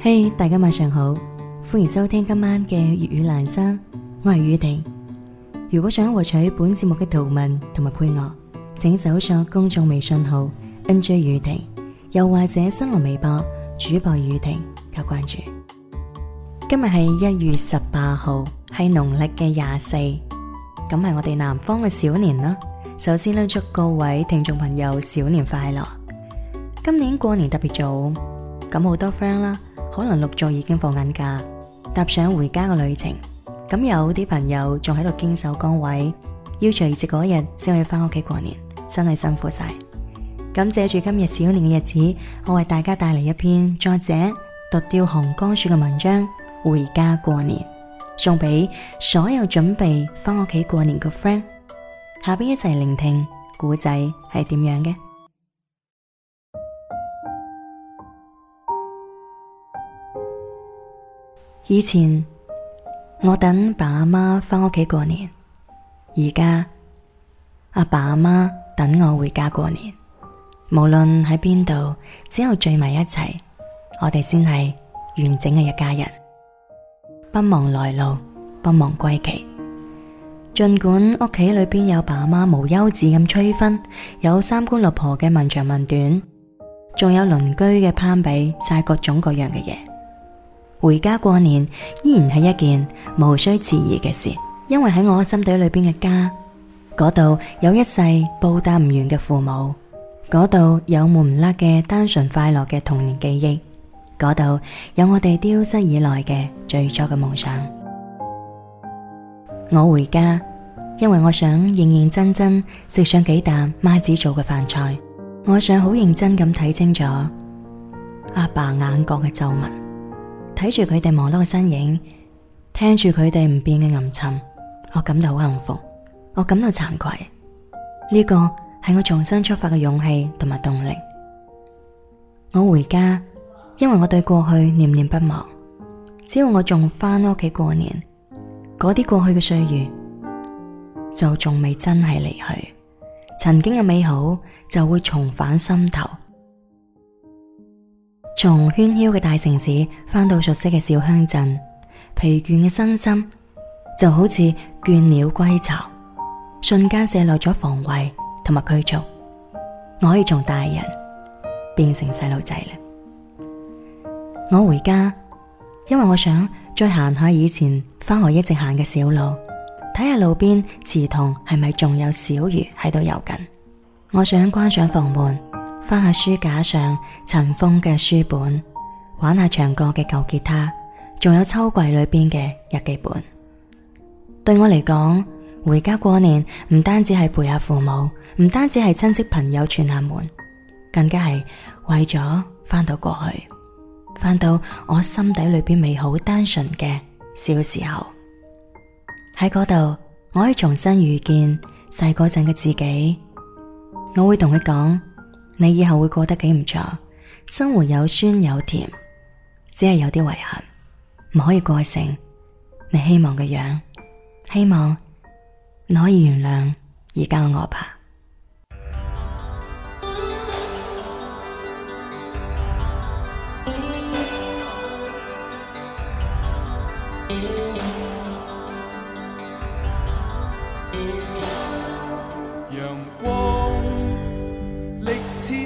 嘿，hey，大家晚上好，歡迎收聽今晚嘅粵語闌珊，我係宇婷。如果想獲取本節目嘅圖文同埋配樂，請搜索公眾微信號 NJ 宇婷，又或者新浪微博主播宇婷加關注。今日係一月十八號，係農曆嘅廿四，咁係我哋南方嘅小年啦。首先呢，祝各位聽眾朋友小年快樂。今年過年特別早，咁好多 friend 啦、啊。可能陸續已經放緊假，踏上回家嘅旅程。咁有啲朋友仲喺度堅守崗位，要除夕嗰日先可以翻屋企過年，真係辛苦晒。咁借住今日小年嘅日子，我為大家帶嚟一篇作者獨釣寒江雪嘅文章，回家過年，送俾所有準備翻屋企過年嘅 friend。下邊一齊聆聽古仔係點樣嘅。以前我等爸阿媽翻屋企過年，而家阿爸阿媽等我回家過年。無論喺邊度，只有聚埋一齊，我哋先係完整嘅一家人。不忘來路，不忘歸期。盡管屋企裏邊有爸阿媽無休止咁催婚，有三姑六婆嘅問長問短，仲有鄰居嘅攀比晒各種各樣嘅嘢。回家過年依然係一件無需遲疑嘅事，因為喺我心底裏邊嘅家，嗰度有一世報答唔完嘅父母，嗰度有抹唔甩嘅單純快樂嘅童年記憶，嗰度有我哋丟失以來嘅最初嘅夢想。我回家，因為我想認認真真食上幾啖媽子做嘅飯菜，我想好認真咁睇清楚阿爸眼角嘅皺紋。睇住佢哋忙碌嘅身影，聽住佢哋唔變嘅吟沉，我感到好幸福，我感到慚愧。呢、這個係我重新出發嘅勇氣同埋動力。我回家，因為我對過去念念不忘。只要我仲返屋企過年，嗰啲過去嘅歲月就仲未真係離去，曾經嘅美好就會重返心頭。從喧囂嘅大城市翻到熟悉嘅小鄉鎮，疲倦嘅身心就好似倦鳥歸巢，瞬間卸落咗防衛同埋拘束。我可以從大人變成細路仔啦。我回家，因為我想再行下以前返學一直行嘅小路，睇下路邊池塘係咪仲有小魚喺度游緊？我想關上房門，翻下書架上塵封嘅書本，玩下牆角嘅舊吉他，仲有抽櫃裏邊嘅日記本。對我嚟講，回家過年唔單止係陪下父母，唔單止係親戚朋友串下門，更加係為咗翻到過去，翻到我心底裏邊美好單純嘅小時候。喺嗰度，我可以重新遇見細嗰陣嘅自己，我會同佢講。你以後會過得幾唔錯，生活有酸有甜，只係有啲遺憾，唔可以過成你希望嘅樣，希望你可以原諒而家嘅我吧。 咁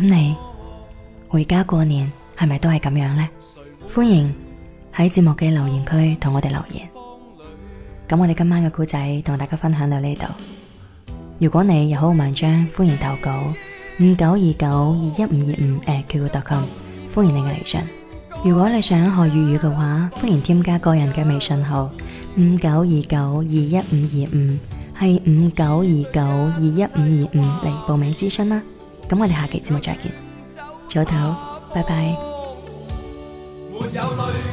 你回家過年係咪都係咁樣呢？歡迎喺節目嘅留言區同我哋留言。咁我哋今晚嘅故仔同大家分享到呢度。如果你有好嘅文章，歡迎投稿。五九二九二一五二五誒，qq.com 歡迎你嘅嚟信。如果你想學粵語嘅話，歡迎添加個人嘅微信號五九二九二一五二五，係五九二九二一五二五嚟報名諮詢啦。咁我哋下期節目再見，早唞，拜拜。沒有淚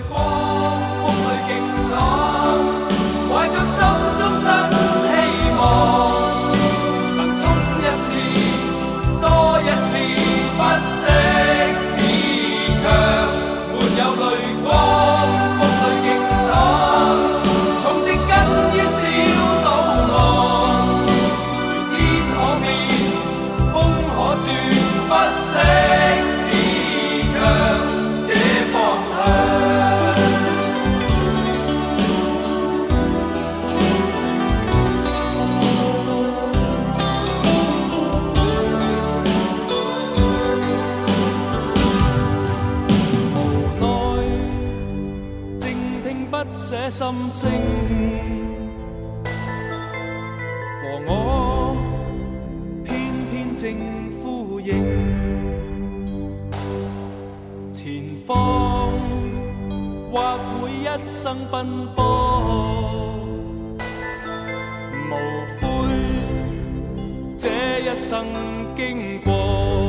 心聲和我偏偏正呼應，前方或會一生奔波，無悔這一生經過。